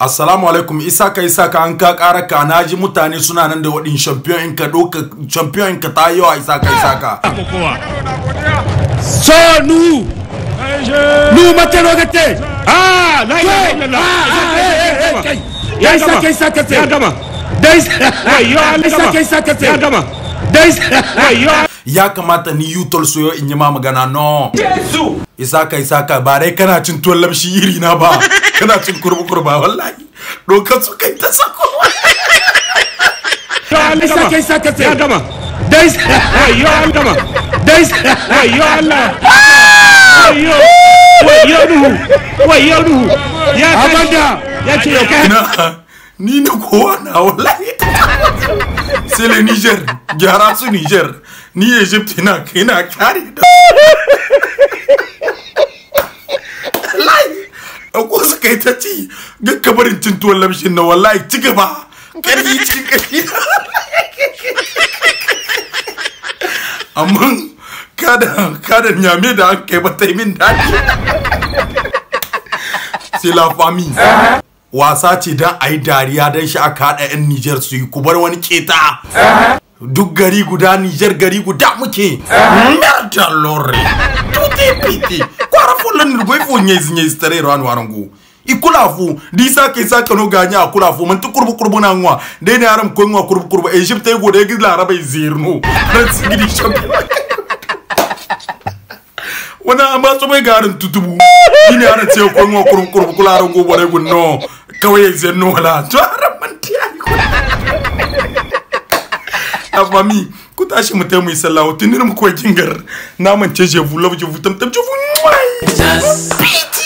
assalamu alaikum isa ka isa ka an ka kara ka na ji mutane suna nan da wadin champion in ka doka champion in ka ta yawa isa ka isa ka so nu nu mate no gate ah la ilaha illallah ya isa ka isa ka ya gama dai ya isa ka isa ka ya gama dai ya ya kamata ni yutol soyo in yi ma magana no Yesu isaka isaka ba dai kana cin tuwon lamshi iri na ba kana cin kurbu kurba wallahi dokar su kai ta sako isaka isaka ya gama dai yo an gama dai yo Allah yo yo duhu yo duhu ya abanda ya ce ya kai ni na kowa na wallahi sai le Niger gyara su Niger ni egypt ina ina kare da wallahi ko su kai ta ci ga kabarin cin tuwon lamshin na wallahi ci gaba ƙarfi cikin ƙarfi amma kada kada nyame da an kai bata min daɗi la famille wasa ce don a yi dariya don shi aka haɗa 'yan Nijar su yi kubar wani keta duk gari guda Nijar gari guda muke merda lore tuti piti kwara folan nirgoi fo nyezi nyezi tare ran warangu ikula fu disa ke sa kano ganya akula fu man tukurbu kurbu na ngwa de ne aram ko ngwa kurbu kurbu egypte go de gila araba zirno rats gidi shobi wana amba so mai garin tutubu ni ne aran ce ko ngwa kurbu kurbu kula rango bore gunno kawai zirno la to mami ku tashi mu taimu sallah wa tunin mu kuwa gingar naman ce je vu love je vu tam tam je vu just